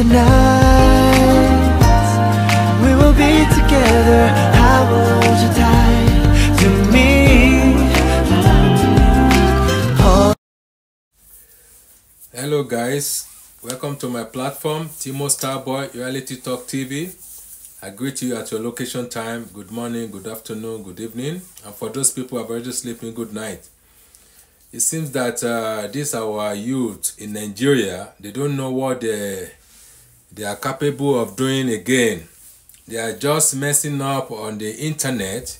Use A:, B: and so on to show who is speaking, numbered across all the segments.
A: the night We will be together I will hold you tight to me oh. Hello guys, welcome to my platform Timo Starboy Reality Talk TV I greet you at your location time. Good morning, good afternoon, good evening. And for those people who are already sleeping, good night. It seems that uh, these our youth in Nigeria, they don't know what the they are capable of doing again. They are just messing up on the internet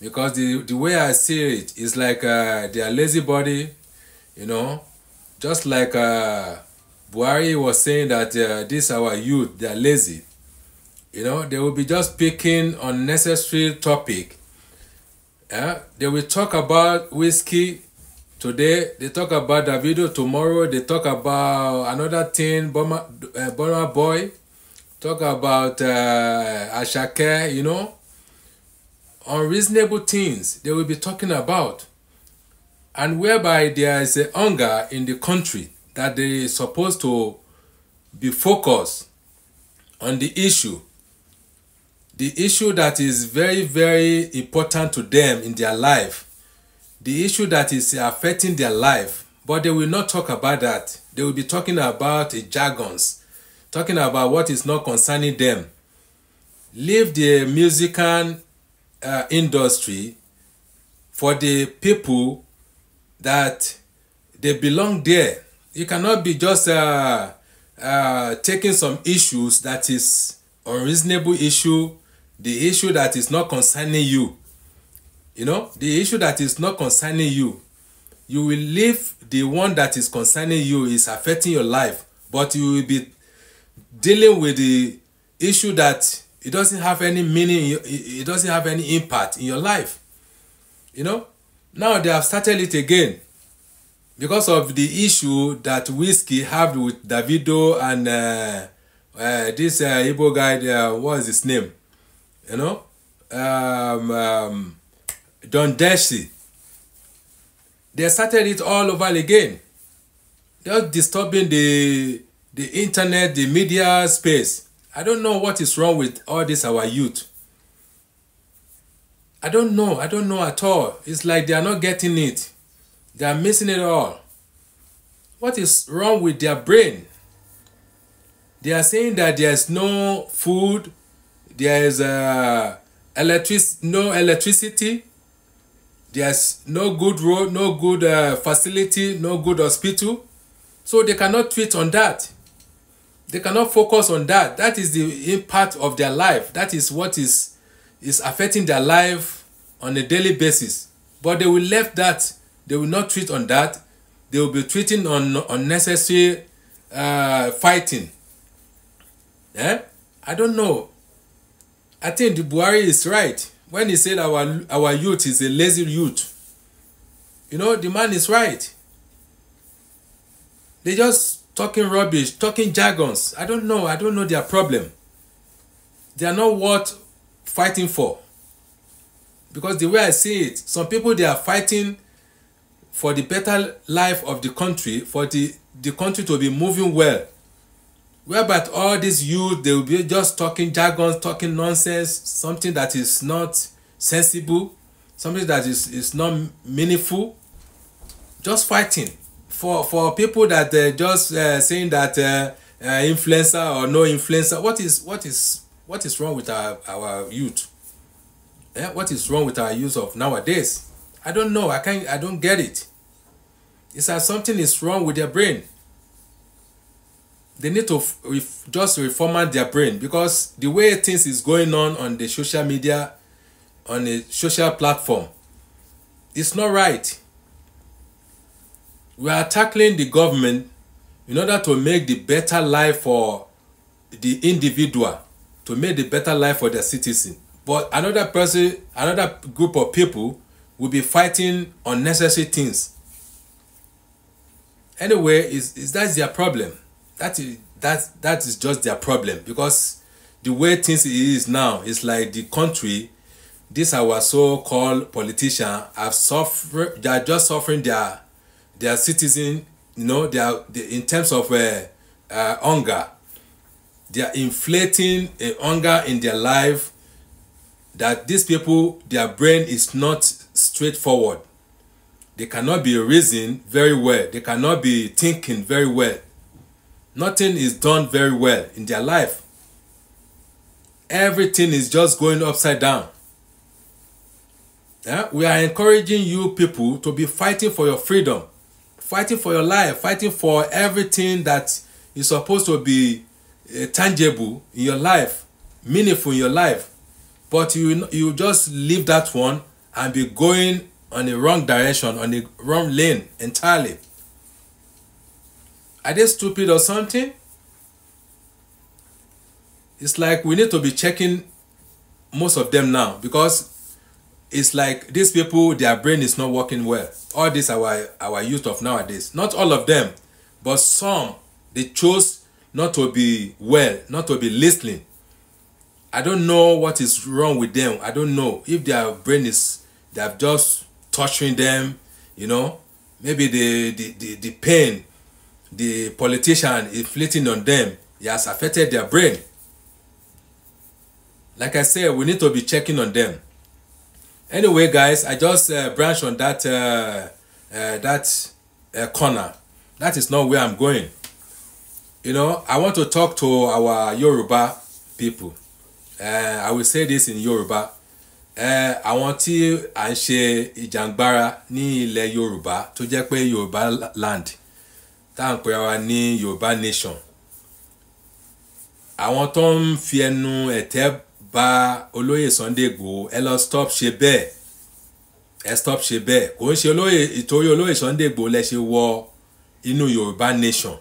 A: because the, the way I see it is like uh, they are lazy body, you know, just like uh, Buhari was saying that uh, this our youth, they are lazy. You know, they will be just picking unnecessary topic. Yeah, uh, they will talk about whiskey Today they talk about Davido. Tomorrow they talk about another thing. Burma, uh, Burma Boy. Talk about uh, Ashake. You know, unreasonable things they will be talking about, and whereby there is a hunger in the country that they are supposed to be focused on the issue the issue that is very very important to them in their life the issue that is affecting their life but they will not talk about that they will be talking about uh, jargons talking about what is not concerning them leave the musical uh, industry for the people that they belong there you cannot be just uh, uh, taking some issues that is unreasonable issue the issue that is not concerning you you know the issue that is not concerning you you will leave the one that is concerning you is affecting your life but you will be dealing with the issue that it doesn't have any meaning it doesn't have any impact in your life you know now they have started it again because of the issue that whiskey had with Davido and uh, uh, this uh, Igbo guy, uh, what is his name? You know, um, um, Don Deshti. They started it all over again. Just disturbing the the internet, the media space. I don't know what is wrong with all this our youth. I don't know. I don't know at all. It's like they are not getting it. They are missing it all. What is wrong with their brain? They are saying that there is no food, there is uh, electric, no electricity, There's no good road, no good uh, facility, no good hospital. So they cannot treat on that. They cannot focus on that. That is the impact of their life. That is what is, is affecting their life on a daily basis. But they will left that. They will not treat on that. They will be treating on unnecessary uh, fighting. Eh? I don't know. I think the Buhari is right when he said our our youth is a lazy youth you know the man is right they just talking rubbish talking jargons i don't know i don't know their problem they are not worth fighting for because the way i see it some people they are fighting for the better life of the country for the the country to be moving well whereby all these youth they will be just talking jargon talking nonsense something that is not sensible something that is is not meaningful just fighting for for people that they uh, just uh, saying that uh, uh, influencer or no influencer what is what is what is wrong with our our youth Yeah, what is wrong with our youth of nowadays i don't know i can't i don't get it it's as like something is wrong with their brain they need to just reformat their brain because the way things is going on on the social media on a social platform it's not right we are tackling the government in order to make the better life for the individual to make the better life for the citizen but another person another group of people will be fighting unnecessary things anyway is is that their problem that is that that is just their problem because the way things is now is like the country these our so-called politicians are suffer they are just suffering their their citizen you know they are in terms of uh, uh, hunger they are inflating a hunger in their life that these people their brain is not straightforward they cannot be reason very well they cannot be thinking very well Nothing is done very well in their life. Everything is just going upside down. Yeah? We are encouraging you people to be fighting for your freedom, fighting for your life, fighting for everything that is supposed to be uh, tangible in your life, meaningful in your life. But you, you just leave that one and be going on the wrong direction, on the wrong lane entirely. Are they stupid or something? It's like we need to be checking most of them now because it's like these people, their brain is not working well. All these our our youth of nowadays. Not all of them, but some they chose not to be well, not to be listening. I don't know what is wrong with them. I don't know if their brain is they have just torturing them, you know. Maybe the the, the, the pain the politician inflating on them it has affected their brain like i said we need to be checking on them anyway guys i just uh, branch on that uh, uh, that uh, corner that is not where i'm going you know i want to talk to our yoruba people uh, i will say this in yoruba uh, àwọn tí à ń ṣe ìjàngbara ní ilẹ̀ yorùbá tó jẹ́ pé yorùbá land tá à ń pè wá ní yorùbá nation àwọn tó ń fi ẹnu ẹ̀tẹ́ bà olóyè Sunday Igboho ẹ lọ stop ṣe bẹ́ẹ̀ ẹ stop ṣe bẹ́ẹ̀ kò ń ṣe olóyè ìtòrí olóyè Sunday Igboho lẹ ṣe wọ inú yorùbá nation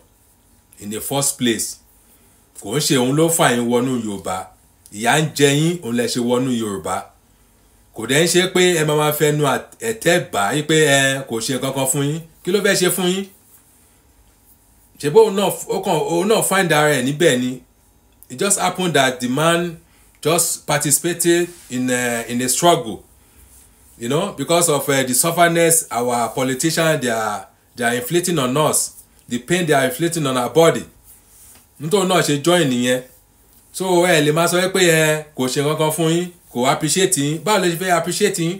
A: in the first place kò ń ṣe òun ló fà yín wọnú yorùbá ìyà ń jẹ yín òun lẹ ṣe wọnú yorùbá kò dẹ́ ń ṣe pé ẹ máa ma fẹnu ẹ̀tẹ́ bà yí pé ẹ kò ṣe kankan fún yín kí ló fẹ́ ṣe fún yín ṣebí òun náà ó kàn òun náà find ara ẹ̀ níbẹ̀ ni it just happened that the man just participated in a, uh, in a struggle you know because of uh, the sufferness our politicians they are they are inflicting on us the pain they are inflicting on our body nítorí náà ṣe join nìyẹn so ẹ lè máa sọ pé ẹ kò ṣe kankan fún yín kò appreciate yín báwo lè ṣe fẹ́ appreciate yín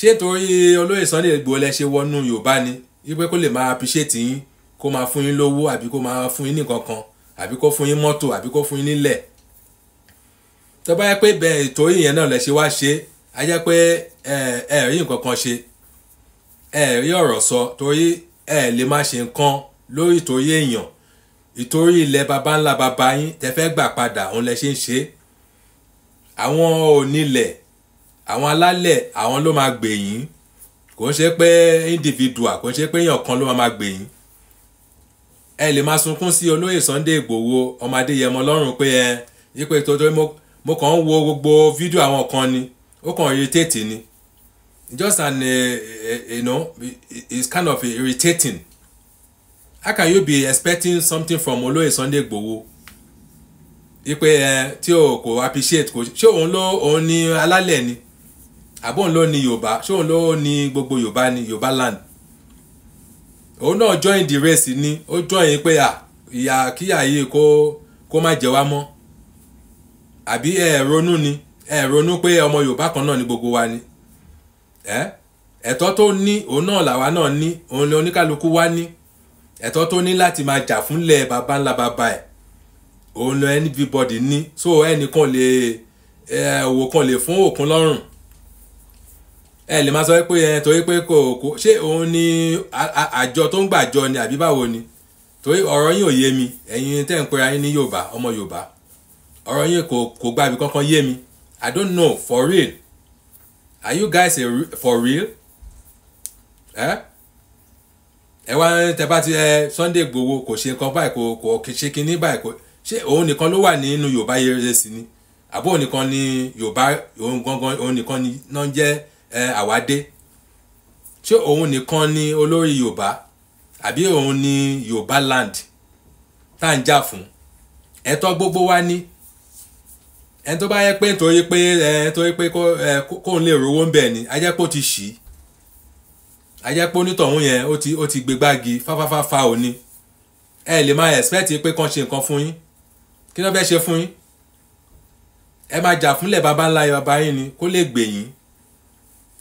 A: ṣé torí olóyè Sunday Igboho lẹ ṣe wọnú Yorùbá ni wípé kó lè máa appreciate yín kó máa fún yín lówó àbí kó máa fún yín ní nǹkan kan àbí kó fún yín mọ́tò àbí kó fún yín nílẹ̀ tó bá yẹ pé bẹ́ẹ̀ ètò ìyẹn náà lẹ ṣe wá ṣe á jẹ́ pé ẹ rí nǹkan kan ṣe ẹ rí ọ̀rọ̀ sọ torí ẹ lè má ṣe nǹkan lórí ìtòrí èèyàn ìtòrí ilẹ̀ baba ńlá baba yín tẹ fẹ́ gbà padà òun lẹ ṣe ń ṣe àwọn onílẹ̀ àwọn alálẹ̀ àwọn ló máa gbè yín kò ń ṣe pé individual kò ń ṣe pé èèyàn kan ló máa gbè yín ẹ lè máa sunkún sí olóyè Sunday Ìgbòho ọmọ Adéyẹmọ lọ́rùn pé ẹ yípe tòótọ́ mo kàn ń wo gbogbo fídíò àwọn kan ni ó kàn irritate ni just an eh, eh, you know it's kind of irritating how can you be expecting something from olóyè Sunday Ìgbòho yípe eh, ẹ tí o kò appreciate kò ṣé òun ló òun ni alálẹ̀ ni àbóun ló ni Yorùbá ṣé òun ló ni gbogbo Yorùbá ni Yorùbá land òun náà join the race, ni ó join pé à ìyà kíyà yìí kó kó má jẹ wá mọ́ àbí ẹ ronú ni ẹ ronú pé ọmọ Yorùbá kan náà ni gbogbo wa ni ẹ ẹ̀tọ́ tó ní òun náà làwa náà ní òun ni oníkálukú wa ní ẹ̀tọ́ tó ní láti máa jà fúnlẹ̀ baba ńlá baba ẹ̀ òun ni everybody ní so ẹnìkan lè ẹ̀ òwò kan lè fún òkun lọ́rùn ẹ lè máa sọ pé ẹ torí pé kò kò ṣé òun ni àjọ tó ń gbàjọ ni àbí báwo ni torí ọ̀rọ̀ yín ò yé mi ẹ̀yin tẹ́ ń pera yín ní Yorùbá ọmọ Yorùbá ọ̀rọ̀ yín kò kò gbàbí kankan yé mi I don't know for real are you guys a, for real ẹ ẹ wá tẹ bá ti ẹ Sunday Igboho kò ṣe nǹkan báyìí kò kò ṣe kinní báyìí kò ṣé òun nìkan ló wà nínú Yorùbá yẹrẹ sí ni àbó òun nìkan ni Yorùbá òun gangan òun nìkan ni náà jẹ́ àwádé ṣé òun nìkan ni olórí yorùbá àbí òun ni yorùbá land tá à ń jà fún ẹ̀tọ́ gbogbo wa ní ẹ tó bá yẹ pé nítorí pé ẹ nítorí pé kóun lè rówó ń bẹ̀ ni ajẹ́ pé ó ti ṣì í ajẹ́ pé onítọ̀hún yẹn ó ti ó ti gbé gbági fáfáfáfá òní ẹ lè máa expect pé kàn ṣe nǹkan fún yín kí ló fẹ́ ṣe fún yín ẹ máa jà fúnlẹ̀ baba ńlá ni kó lè gbè yín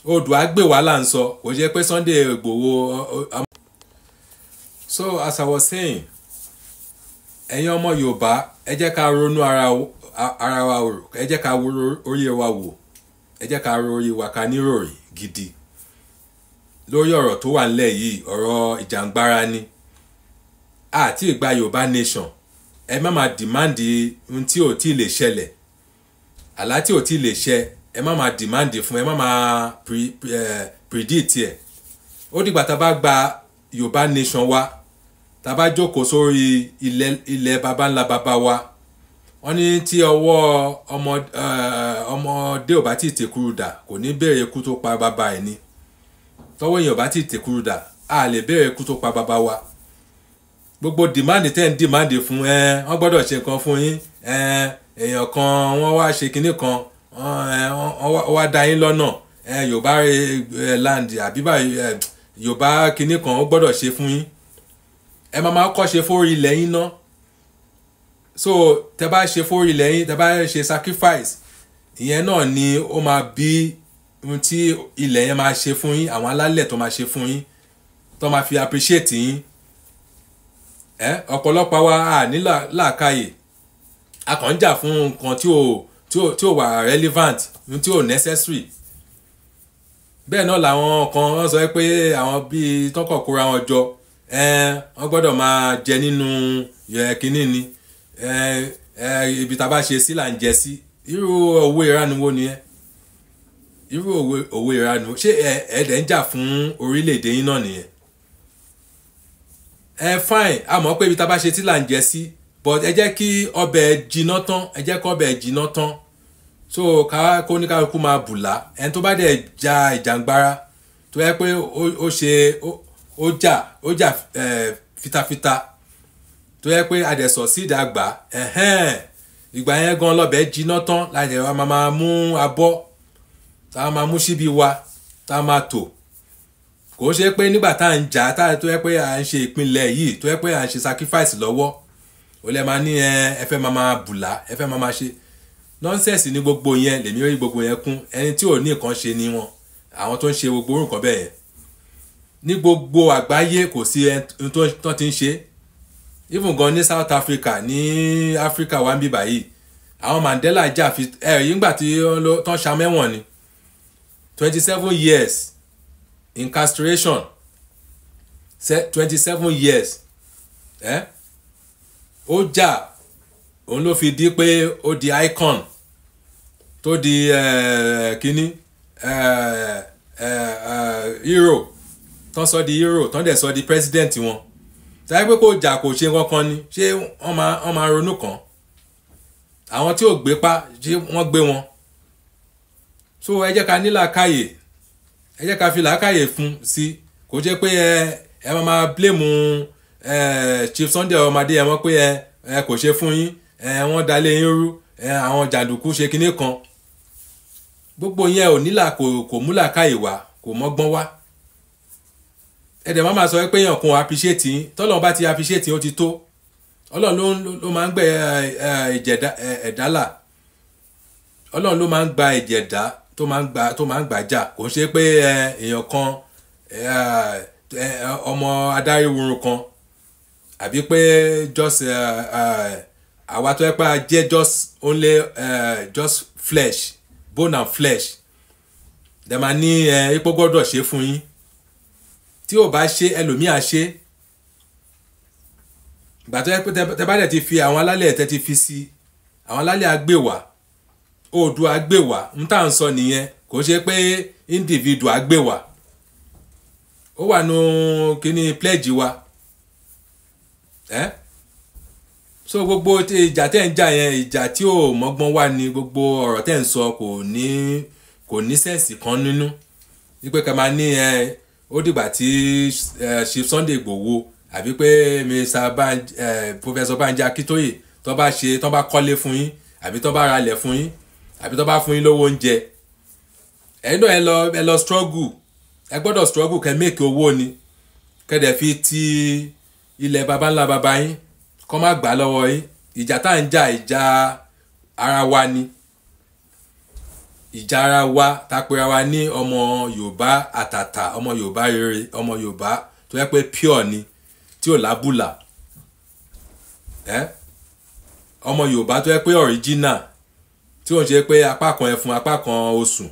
A: Oòduà gbè wá là sọ Sunday So as I was saying ọmọ Yorùbá ẹ jẹ́ ká ara wa rò ẹ jẹ́ ká wa wò ẹ ká ro orí wa ká gidi lórí ọ̀rọ̀ tó wà nílẹ̀ yìí ọ̀rọ̀ ìjàngbara ni àti ìgbà Yorùbá nation ẹ má máa dìmáàndì ohun tí ò tí ì lè ṣẹlẹ̀ àlá tí ẹ má máa demand fún ẹ má máa eh, predict ẹ ó dìgbà tá a bá gba yorùbá nation wa tá a bá jókòó sórí ilẹ̀ ilẹ̀ baba ńlá baba wa wọ́n ní tí ọwọ́ ọmọ eh, ọmọdé ò bá tí ì tèkúrú dà kò ní bẹ̀rẹ̀ ikú tó pa bàbá ẹ̀ ni tọ́wọ́ èèyàn ò bá tí ì tèkúrú dà a lè bẹ̀rẹ̀ ikú tó pa bàbá wa gbogbo dìmáàdì tẹ́ ń dìmáàdì fún ẹ eh, wọ́n gbọ́dọ̀ ṣe nǹkan fún yín èèyàn kan wọ́n wá ṣe kinní kan wọ́n wá da yín lọ́nà yorùbá land àbí yorùbá kinní kan ó gbọ́dọ̀ ṣe fún yín ẹ máa máa kọ́ ṣe fórí ilẹ̀ yín ná so tẹ bá ṣe fórí ilẹ̀ yín tẹ bá ṣe sacrifice ìyẹn náà ni ó máa bí ohun tí ilẹ̀ yẹn máa ṣe fún yín àwọn alálẹ̀ tó máa ṣe fún yín tó máa fi appreciate yín ẹ ọ̀pọ̀lọpọ̀ wa à ní làákàyè a kàn ń jà fún nǹkan tí ò tí ò tí ò wà relevant tí ò necessary bẹ́ẹ̀ náà làwọn kan wọ́n sọ pé àwọn bíi tọ́kọ̀ kóra wọn jọ wọ́n gbọ́dọ̀ máa jẹ nínú kínní ni ibi tá a bá ṣe sí là ń jẹ sí irú òwe ìranu wo nìyẹn irú òwe ìranu ṣé ẹ̀ẹ́dẹ̀ ń jà fún orílẹ̀-èdè yín náà nìyẹn ẹ fine a mọ̀ pé ibi tá a bá ṣe sí là ń jẹ sí but ẹ jẹ́ kí ọbẹ̀ jiná tán ẹ jẹ́ kí ọbẹ̀ jiná tán so ká kó ní kálukú máa bùlá ẹni tó bá dẹ̀ ja ìjàngbara tó yẹ pé ó ṣe ó jà ó jà fitafita tó yẹ pé adẹ̀sọ̀ sí ìdàgbà ìgbà yẹn gan lọ́bẹ̀ jiná tán láti ẹ̀ máa mú abọ́ tá a máa mú síbi wa tá a máa tò kò ṣe pé nígbà tá à ń jà tá a tó yẹ pé à ń ṣe ìpínlẹ̀ yìí tó yẹ pé à ń ṣe sacrifice lọ́wọ́ ó lẹ́ máa ní ẹ ẹ fẹ́ máa máa bùlá ẹ fẹ́ máa máa ṣe nọ́nsẹ̀sì ní gbogbo yẹn lèmi rí gbogbo yẹn kún ẹni tí ò ní nǹkan ṣe ni wọn àwọn tó ń ṣe gbogbo orúkọ bẹ́ẹ̀ yẹn ní gbogbo àgbáyé kò sí ẹni tó ti ń ṣe even gan ní South Africa ní Africa wa ń bíbà yìí àwọn Mandela jà fi ẹ yíngbà tí tán ṣamẹ́wọ̀n ni twenty seven years incarceration twenty seven years. Eh? ó jà òun ló fi di pé ó di icon tó di kínní hero tán sọ di hero tán dẹ̀ sọ di president wọn táyé pé kò jà kò ṣe kankan ni ṣé wọ́n máa ronú kàn àwọn tí ò gbé pa ṣé wọ́n gbé wọn so ẹ jẹ́ ká ní làákàyè ẹ jẹ́ ká fi làákàyè fún sí kò jẹ́ pé ẹ máa máa blame Chief Sunday ọmọdé ẹ mọ̀ pé ẹ kò ṣe fún yín wọ́n dalé yín rú àwọn jàǹdùkú ṣe kinní kan gbogbo yẹn ò nílà kò múlà ká ìwà kò mọ́gbọ́n wá ẹ̀dẹ̀ máa máa sọ pé èèyàn kan appreciate yín bá ti appreciate yín ó ti tó ọlọ́run ló máa ń gbẹ ẹ̀dálà ọlọ́run ló máa ń gba ìjẹ̀dá tó máa ń gba tó máa gbà jà kò ṣe pé èèyàn kan ọmọ adáríwurun kan àbí pé just uh, uh, àwa tó yẹ pé a jẹ́ just only uh, just flesh bone and flesh dẹ̀ máa ní ipò gbọ́dọ̀ ṣe fún yín tí ò bá ṣe ẹlòmíà ṣe ìgbà tó yẹ pé tẹ bá dẹ̀ ti fi àwọn alálẹ̀ tẹ ti fi sí àwọn alálẹ̀ agbèwà oòdùà agbèwà ń tà ń sọ nìyẹn kò ṣe pé individual agbèwà ó wà nù kíní pledge wa ẹ́ so gbogbo ìjà tẹ́ ń jà yẹn ìjà tí ò mọ́gbọ́n wá ni gbogbo ọ̀rọ̀ tẹ́ ń sọ kò ní kò ní sẹ́ẹ̀sì kan nínú wípé ká máa ní ẹ ó dìgbà tí ṣe Sunday Igboho àbí pé mr professor Banji Akitoye tó bá ṣe tó bá kọ́lé fún yín àbí tó bá ralẹ̀ fún yín àbí tó bá fún yín lówó oúnjẹ ẹ̀yin náà ẹ lọ ẹ lọ struggle ẹ gbọ́dọ̀ struggle kẹ́ mẹ́kì owó ni kẹ́ dẹ̀ fi ti ilẹ̀ baba ńlá baba yín kọ́ má gbà lọ́wọ́ yín ìjà tá à ń jà ìjà ara wa ni ìjà ara wa ta pera wa ní ọmọ Yorùbá àtàtà ọmọ Yorùbá rere ọmọ Yorùbá tó yẹ pé pure ni tí ò lábùlà ọmọ Yorùbá tó yẹ pé original tí wọ́n ṣe pé apá kan ẹfun apá kan osùn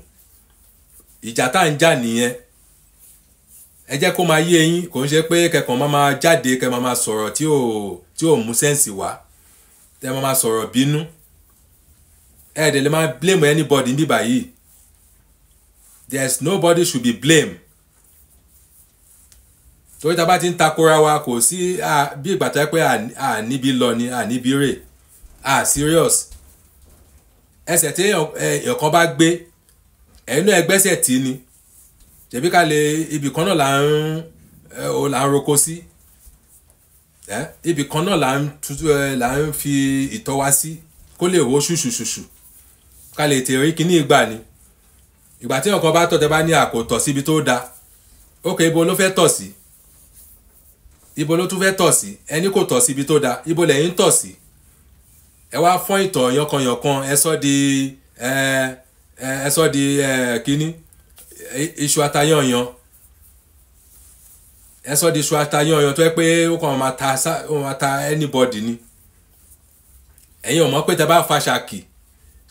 A: ìjà tá à ń jà nìyẹn ẹ jẹ́ kó máa yé yín kò ń ṣe pé kẹkàn máa máa jáde kẹ máa máa sọ̀rọ̀ tí ò mú sẹ́ǹsì wá tẹ máa máa sọ̀rọ̀ bínú ẹ dẹ̀ lè máa blame anybody níbí báyìí there is nobody should be blamed torí tá a bá ti ń takora wa kò sí bí ìgbà tó yẹ pé à níbi lọ ni à níbi rè à serious ẹsẹ̀ tí èèyàn kan bá gbé ẹ̀yìn náà ẹgbẹ́sẹ̀ tì ni ṣebí ká lè ibì kan náà là ń là ń roko sí ibì kan náà là ń là ń fi ìtọ́ wa sí kó lè wo ṣùṣùṣùṣù ká lè tèrè kíní ìgbà ni ìgbà tí ọkọ bá tọ̀ tẹ́ bá ní àkótọ̀ síbi tó da ok ibo ló fẹ́ tọ̀ sí ibo ló tún fẹ́ tọ̀ sí ẹni kò tọ̀ sí tó da ibo lẹ́yìn tọ̀ sí ẹ wá fọ́n ìtọ̀ yankanyankan ẹ sọ di ẹ ẹ sọ di kíní iṣu atayanyan ẹ sọ di iṣu atayanyan tó yẹ pé ó kàn máa ta ó máa ta anybody ni ẹ̀yin ò mọ̀ pé tẹ bá fa ṣàkì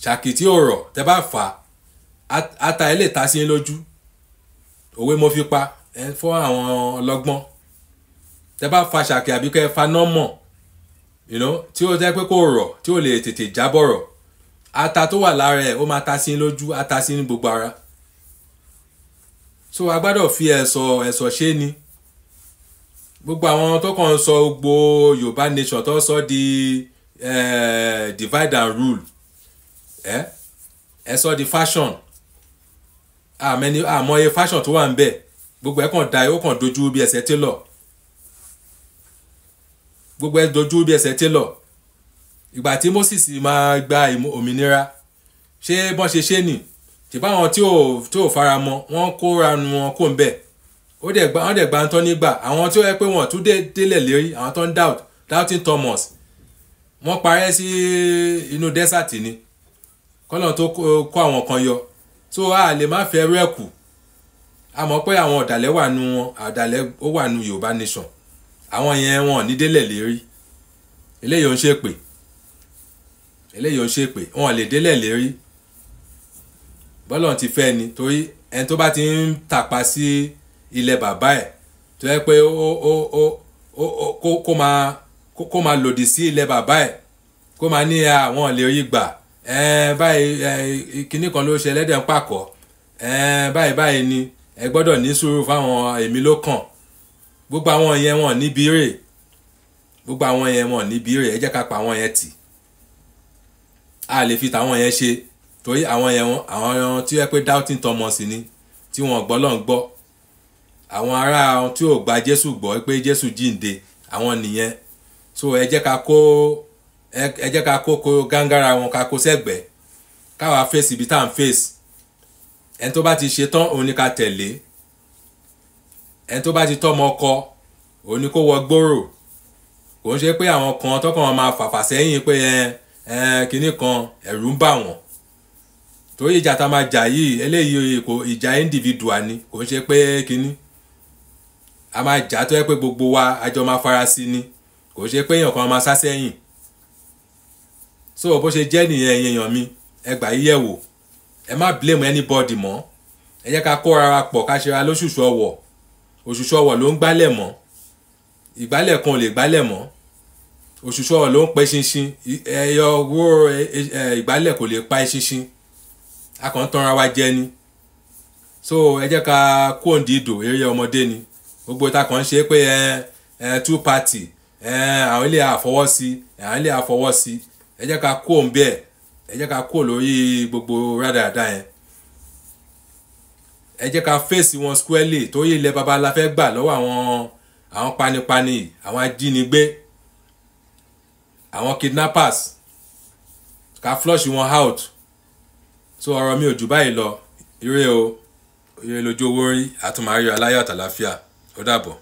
A: ṣàkì tí ò rọ̀ tẹ bá fà á ata ẹ lè ta sí lójú òwe mo fi pa ẹ fọ́ àwọn ọlọ́gbọ́n tẹ bá fa ṣàkì àbí kẹ fa nọ́mọ̀ tí ó jẹ́ pé kò rọ̀ tí ò lè tètè jábọ̀rọ̀ ata tó wà lára ẹ̀ ó máa ta sí lójú ata sí gbogbo ara so a gbọ́dọ̀ fi ẹ̀sọ̀ ẹ̀sọ̀ ṣe ni gbogbo àwọn tó kàn ń sọ gbogbo yorùbá nation tó sọ di eh, divide and rule ẹ eh? ẹ sọ di fashion àmẹni àmọye fashion tó wà ń bẹ gbogbo ẹ kàn da ó kàn dojú bí ẹsẹ̀ tí lọ gbogbo ẹ dojú bí ẹsẹ̀ tí lọ ìgbà tí Moses máa gba òmìnira ṣé bọ́n ṣe ṣé nìí tìpá àwọn tí ò tí ò fara mọ́ wọ́n kóra nu wọn kó ń bẹ̀ ó dẹ̀ gba wọ́n dẹ̀ gba ntọ́ nígbà àwọn tí ó yẹ pé wọ́n tún délẹ̀ lérí àwọn tó doubt doubting Thomas wọ́n parẹ́ sí inú desert ni kọ́nà tó kó àwọn kan yọ so a lè má fẹ́ ẹrú ẹ̀ kù a mọ̀ pé àwọn ọ̀dàlẹ̀ wà nu wọn ọ̀dàlẹ̀ ó wà nu Yorùbá nation àwọn yẹn wọn ní délẹ̀ lérí eléyìí ò ń ṣe pé eléyìí ò ń ṣe pé wọn lè délẹ̀ lérí bọ́lọ̀ ti fẹ́ ni torí ẹni tó bá ti ń tàpá sí ilẹ̀ bàbá ẹ̀ tó yẹ pé ó ó ó ó kó máa kó máa lòdì sí ilẹ̀ bàbá ẹ̀ kó máa ní àwọn ilé oyè gbà báyìí kinní kan ló ṣe ẹlẹ́dẹ̀ ń pàkọ́ báyìí báyìí ni ẹ gbọ́dọ̀ ní sùúrù fáwọn èmi ló kàn gbogbo àwọn yẹn wọn níbi rè gbogbo àwọn yẹn wọn níbi rè ẹ jẹ́ ká pa àwọn yẹn tì a lè fi tàwọn yẹn ṣe torí àwọn yẹn wọn àwọn yẹn tí wọ́n pé doubting Thomas ni tí wọ́n gbọ́ lọ́n gbọ́ àwọn ará tí ò gba Jésù gbọ́ pé Jésù jíǹde àwọn nìyẹn so ẹ jẹ́ ká kó ẹ jẹ́ ká kó kó gángara wọn ká kó sẹ́gbẹ̀ẹ́ káwa fèsì ibi tá à ń fèsì ẹni tó bá ti ṣe tán òun ni ká tẹ̀lé ẹni tó bá ti tọ́mọ ọkọ òun ni kó wọ gbòòrò kò ń ṣe pé àwọn kan tọkàn máa fàfà sẹ́yìn pé ẹ ẹ kinní kan ẹ̀rù ń bà wọ́n torí ìjà tá a máa jà yìí eléyìí kò ìjà individual ni kò ń ṣe pé kínní a máa jà tó yẹ pé gbogbo wa àjọ máa fara ni kò ń ṣe pé èèyàn kan máa sá so bó ṣe jẹ́ nìyẹn èèyàn mi ẹ gbà yíyẹ̀ wò ẹ má blame anybody mọ́ ẹ jẹ́ ká kó ara pọ̀ ká ṣe ra lóṣùṣù ọwọ̀ òṣùṣù ọwọ̀ ló ń gbálẹ̀ mọ́ ìgbálẹ̀ kan ò lè gbálẹ̀ mọ́ òṣùṣù ọwọ̀ ló ń pẹ́ ṣinṣin ẹ̀yọ owó ìgbálẹ̀ kò lè pa ẹ́ ṣinṣin a kàn ń wa jẹ ni so ẹ jẹ́ ká kó òǹdí ìdò eré ọmọdé ni gbogbo ìta kan ṣe pé ẹ ẹ two party ẹ àwọn ilé àfọwọ́sí àwọn ilé àfọwọ́sí ẹ jẹ́ ká kó òǹbí ẹ ẹ jẹ́ ká kó lórí gbogbo rádàdà yẹn ẹ jẹ́ ká fèsì wọn squarely torí ilẹ̀ baba la fẹ́ gbà lọ́wọ́ àwọn àwọn panipani àwọn ajínigbé àwọn kidnappers ká flush wọn out so ọ̀rọ̀ mi ò jù báyìí lọ ire o ire lójú owó rí àtúmọ̀ ayọ̀ aláyọ̀ àtàláfíà ó dàbọ̀.